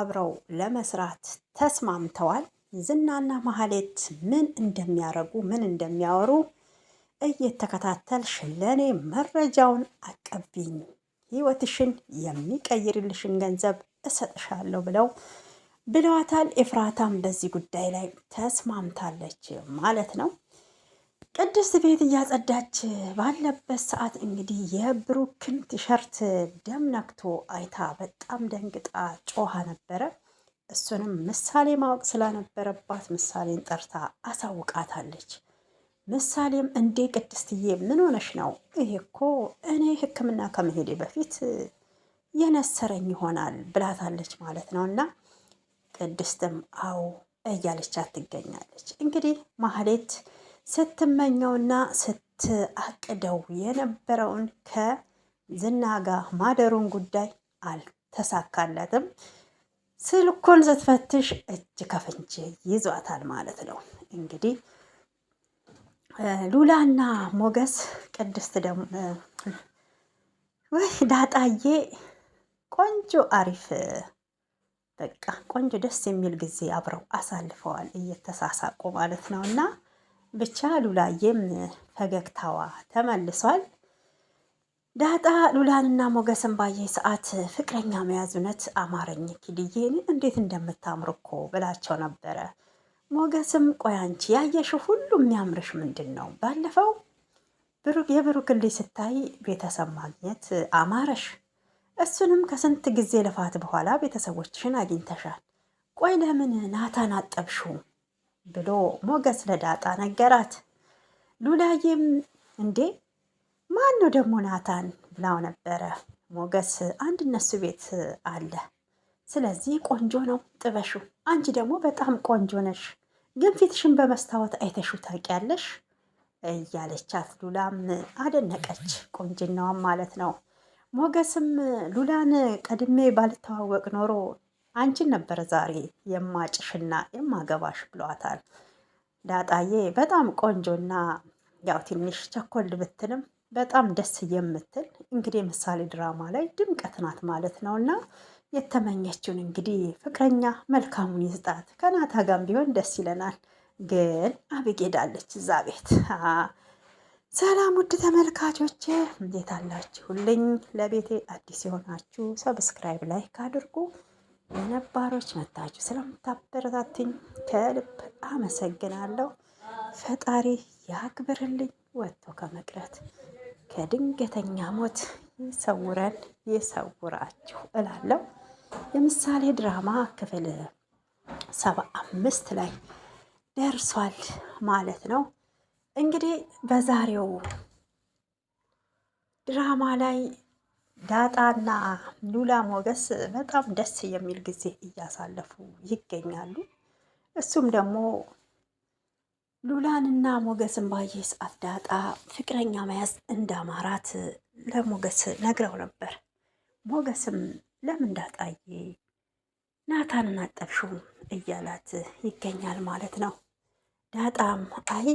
አብረው ለመስራት ተስማምተዋል። ዝናና ማህሌት ምን እንደሚያረጉ ምን እንደሚያወሩ እየተከታተልሽ ለእኔ መረጃውን አቀቢኝ ህይወትሽን የሚቀይርልሽን ገንዘብ እሰጥሻለሁ ብለው ብለዋታል። ኤፍራታም በዚህ ጉዳይ ላይ ተስማምታለች ማለት ነው። ቅድስት ቤት እያጸዳች ባለበት ሰዓት እንግዲህ የብሩክን ቲሸርት ደም ነክቶ አይታ በጣም ደንግጣ ጮሃ ነበረ። እሱንም ምሳሌ ማወቅ ስላነበረባት ምሳሌን ጠርታ አሳውቃታለች። ምሳሌም እንዴ ቅድስትዬ፣ ምን ሆነሽ ነው? ይሄ እኮ እኔ ሕክምና ከመሄዴ በፊት የነሰረኝ ይሆናል ብላታለች ማለት ነው። እና ቅድስትም አው እያለቻት ትገኛለች። እንግዲህ ማህሌት ስትመኘውና ስትአቅደው የነበረውን ከዝና ጋር ማደሩን ጉዳይ አልተሳካለትም። ስልኩን ስትፈትሽ እጅ ከፍንጅ ይዟታል ማለት ነው። እንግዲህ ሉላና ሞገስ ቅድስት ደግሞ ወይ ዳጣዬ ቆንጆ አሪፍ በቃ ቆንጆ ደስ የሚል ጊዜ አብረው አሳልፈዋል እየተሳሳቁ ማለት ነው እና ብቻ ሉላዬም ፈገግታዋ ተመልሷል። ዳጣ ሉላንና ሞገስን ባየ ሰዓት ፍቅረኛ መያዝ አማረኝ ኪድዬን እንዴት እንደምታምር እኮ ብላቸው ነበረ። ሞገስም ቆይ አንቺ ያየሽው ሁሉ የሚያምርሽ ምንድን ነው? ባለፈው የብሩክ ልጅ ስታይ ቤተሰብ ማግኘት አማረሽ። እሱንም ከስንት ጊዜ ልፋት በኋላ ቤተሰቦችሽን አግኝተሻል። ቆይ ለምን ናታን አጠብሽው? ብሎ ሞገስ ለዳጣ ነገራት። ሉላዬም እንዴ ማን ነው ደግሞ ናታን ብላው ነበረ። ሞገስ አንድነሱ ቤት አለ፣ ስለዚህ ቆንጆ ነው ጥበሹ። አንቺ ደግሞ በጣም ቆንጆ ነሽ፣ ግን ፊትሽን በመስታወት አይተሹ ታውቂያለሽ? እያለቻት ሉላም አደነቀች፣ ቆንጅናዋም ማለት ነው። ሞገስም ሉላን ቀድሜ ባልተዋወቅ ኖሮ አንቺን ነበረ ዛሬ የማጭሽና የማገባሽ ብሏታል። ዳጣዬ በጣም ቆንጆና ያው ትንሽ ቸኮል ብትልም በጣም ደስ የምትል እንግዲህ ምሳሌ ድራማ ላይ ድምቀት ናት ማለት ነው። እና የተመኘችውን እንግዲህ ፍቅረኛ መልካሙን ይስጣት። ከናታ ጋም ቢሆን ደስ ይለናል። ግን አብጌዳለች እዛ ቤት። ሰላም ውድ ተመልካቾች እንዴት አላችሁልኝ? ለቤቴ አዲስ የሆናችሁ ሰብስክራይብ፣ ላይክ አድርጉ። ነባሮች መታችሁ ስለምታበረታትኝ ከልብ አመሰግናለሁ። ፈጣሪ ያክብርልኝ። ወጥቶ ከመቅረት ከድንገተኛ ሞት ይሰውረን ይሰውራችሁ እላለሁ። የምሳሌ ድራማ ክፍል ሰባ አምስት ላይ ደርሷል ማለት ነው። እንግዲህ በዛሬው ድራማ ላይ ዳጣና ሉላ ሞገስ በጣም ደስ የሚል ጊዜ እያሳለፉ ይገኛሉ። እሱም ደግሞ ሉላንና ሞገስን ባየ ሰዓት ዳጣ ፍቅረኛ መያዝ እንዳማራት ለሞገስ ነግረው ነበር። ሞገስም ለምን ዳጣዬ ናታንን አጠብሽው እያላት ይገኛል ማለት ነው። ዳጣም አይ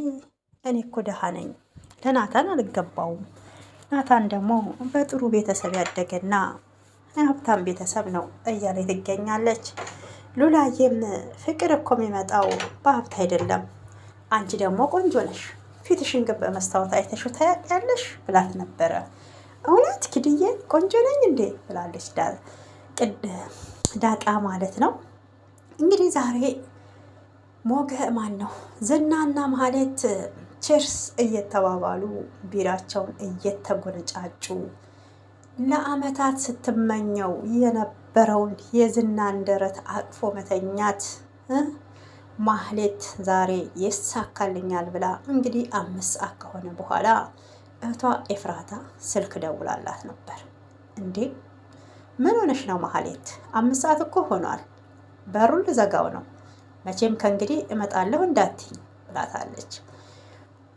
እኔ እኮ ደሃ ነኝ ለናታን አልገባውም ናታን ደግሞ በጥሩ ቤተሰብ ያደገና ሀብታም ቤተሰብ ነው እያለ ትገኛለች። ሉላዬም ፍቅር እኮ የሚመጣው በሀብት አይደለም፣ አንቺ ደግሞ ቆንጆ ነሽ፣ ፊትሽን ግን በመስታወት አይተሽው ታያቅያለሽ ብላት ነበረ። እውነት ኪድዬ ቆንጆ ነኝ እንዴ ብላለች ዳጣ ማለት ነው። እንግዲህ ዛሬ ሞገ ማን ነው ዝናና ማለት ቼርስ እየተባባሉ ቢራቸውን እየተጎነጫጩ ለአመታት ስትመኘው የነበረውን የዝናን ደረት አቅፎ መተኛት ማህሌት ዛሬ ይሳካልኛል ብላ እንግዲህ አምስት ሰዓት ከሆነ በኋላ እህቷ ኤፍራታ ስልክ ደውላላት ነበር። እንዴ ምን ሆነሽ ነው ማህሌት? አምስት ሰዓት እኮ ሆኗል፣ በሩን ልዘጋው ነው። መቼም ከእንግዲህ እመጣለሁ እንዳትኝ ብላታለች።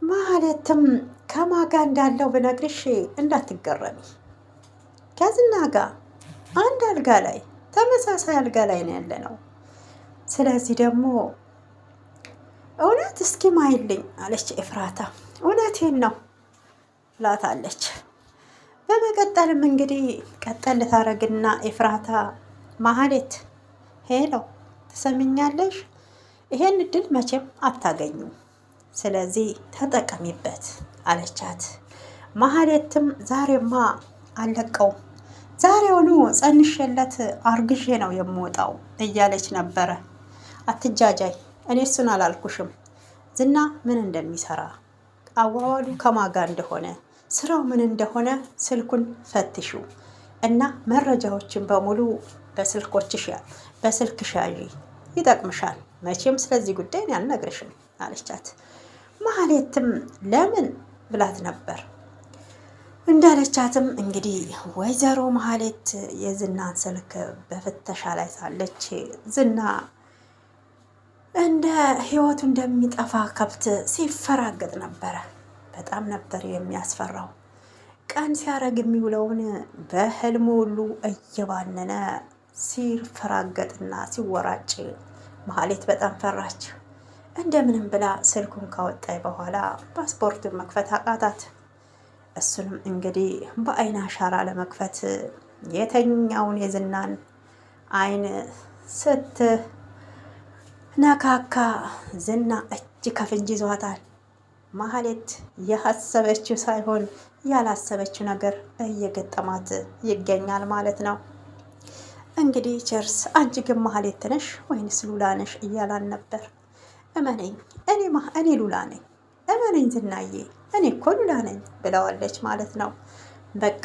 ማለትም ከማጋ እንዳለው ብነግርሽ እንዳትገረሚ። ከዝና ጋ አንድ አልጋ ላይ ተመሳሳይ አልጋ ላይ ነው ያለ ነው። ስለዚህ ደግሞ እውነት እስኪ ማይልኝ አለች ኤፍራታ። እውነቴን ነው ላታለች። በመቀጠልም እንግዲህ ቀጠል ታረግና ኤፍራታ ማህሌት ሄለው ትሰምኛለሽ፣ ይሄን እድል መቼም አታገኙም ስለዚህ ተጠቀሚበት አለቻት። ማህሌትም ዛሬማ አለቀው ዛሬውኑ ጸንሼለት አርግዤ ነው የምወጣው እያለች ነበረ። አትጃጃይ፣ እኔ እሱን አላልኩሽም። ዝና ምን እንደሚሰራ አዋዋሉ ከማጋ እንደሆነ ስራው ምን እንደሆነ ስልኩን ፈትሹ እና መረጃዎችን በሙሉ በስልኮችሽ በስልክሽ ያዢ፣ ይጠቅምሻል። መቼም ስለዚህ ጉዳይ እኔ አልነግርሽም አለቻት። ማህሌትም ለምን ብላት ነበር። እንዳለቻትም እንግዲህ ወይዘሮ ማህሌት የዝናን ስልክ በፍተሻ ላይ ሳለች ዝና እንደ ህይወቱ እንደሚጠፋ ከብት ሲፈራገጥ ነበረ። በጣም ነበር የሚያስፈራው። ቀን ሲያደርግ የሚውለውን በህልሙ ሁሉ እየባነነ ሲፈራገጥና ሲወራጭ ማህሌት በጣም ፈራች። እንደምንም ብላ ስልኩን ካወጣይ በኋላ ፓስፖርቱን መክፈት አቃታት። እሱንም እንግዲህ በአይን አሻራ ለመክፈት የተኛውን የዝናን አይን ስትነካካ ዝና እጅ ከፍንጅ ይዟታል። ማህሌት ያሰበችው ሳይሆን ያላሰበችው ነገር እየገጠማት ይገኛል ማለት ነው። እንግዲህ ቸርስ አንቺ ግን ማህሌት ነሽ ወይንስ ሉላ ነሽ እያላን ነበር እመነኝ ማ እኔ ሉላ ነኝ እመነኝ ዝናዬ እኔ እኮ ሉላ ነኝ ብለዋለች ማለት ነው። በቃ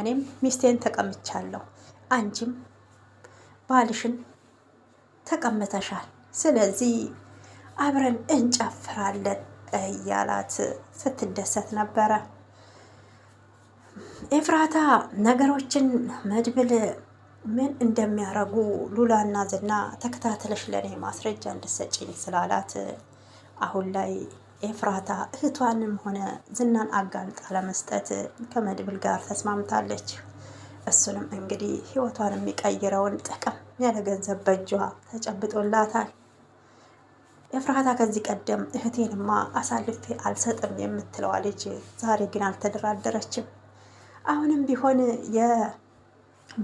እኔም ሚስቴን ተቀምቻለሁ፣ አንቺም ባልሽን ተቀምተሻል። ስለዚህ አብረን እንጨፍራለን እያላት ስትደሰት ነበረ። ኤፍራታ ነገሮችን መድብል ምን እንደሚያደርጉ ሉላና ዝና ተከታተለሽ ለእኔ ማስረጃ እንድሰጭኝ ስላላት አሁን ላይ ኤፍራታ እህቷንም ሆነ ዝናን አጋልጣ ለመስጠት ከመድብል ጋር ተስማምታለች። እሱንም እንግዲህ ህይወቷን የሚቀይረውን ጥቅም ያለ ገንዘብ በእጇ ተጨብጦላታል። ኤፍራታ ከዚህ ቀደም እህቴንማ አሳልፌ አልሰጥም የምትለዋ ልጅ ዛሬ ግን አልተደራደረችም። አሁንም ቢሆን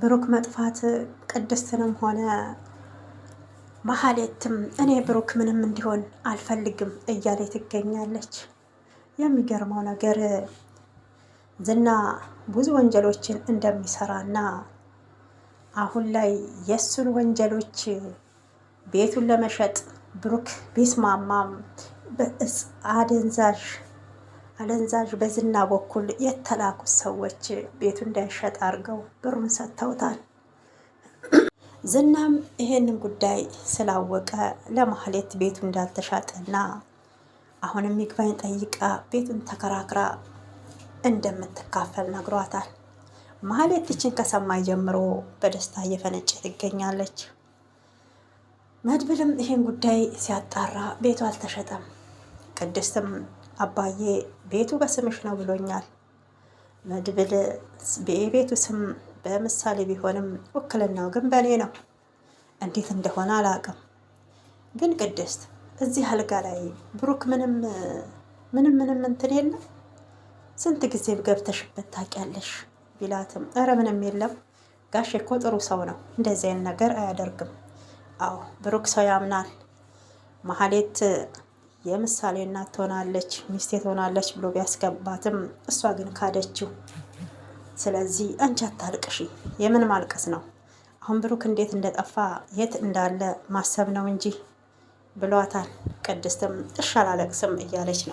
ብሩክ መጥፋት ቅድስትንም ሆነ መሀሌትም እኔ ብሩክ ምንም እንዲሆን አልፈልግም እያለ ትገኛለች። የሚገርመው ነገር ዝና ብዙ ወንጀሎችን እንደሚሰራና አሁን ላይ የእሱን ወንጀሎች ቤቱን ለመሸጥ ብሩክ ቢስማማም በእጽ አደንዛዥ አለንዛዥ በዝና በኩል የተላኩት ሰዎች ቤቱ እንዳይሸጥ አድርገው ብሩን ሰጥተውታል። ዝናም ይሄንን ጉዳይ ስላወቀ ለማህሌት ቤቱ እንዳልተሻጠና አሁንም ይግባኝ ጠይቃ ቤቱን ተከራክራ እንደምትካፈል ነግሯታል። ማህሌት ይችን ከሰማይ ጀምሮ በደስታ እየፈነጨ ትገኛለች። መድብልም ይህን ጉዳይ ሲያጣራ ቤቱ አልተሸጠም። ቅድስትም አባዬ ቤቱ በስምሽ ነው ብሎኛል። መድብል የቤቱ ስም በምሳሌ ቢሆንም ውክልናው ግን በእኔ ነው። እንዴት እንደሆነ አላውቅም። ግን ቅድስት እዚህ አልጋ ላይ ብሩክ ምንም ምንም ምንም እንትን የለም ስንት ጊዜ ገብተሽበት ታውቂያለሽ? ቢላትም እረ ምንም የለም ጋሽ እኮ ጥሩ ሰው ነው፣ እንደዚህ አይነት ነገር አያደርግም። አዎ ብሩክ ሰው ያምናል። መሀሌት የምሳሌ እናት ትሆናለች፣ ሚስቴ ትሆናለች ብሎ ቢያስገባትም እሷ ግን ካደችው። ስለዚህ አንቺ አታልቅሺ። የምን ማልቀስ ነው? አሁን ብሩክ እንዴት እንደጠፋ የት እንዳለ ማሰብ ነው እንጂ ብሏታል። ቅድስትም እሺ አላለቅስም እያለች ነው።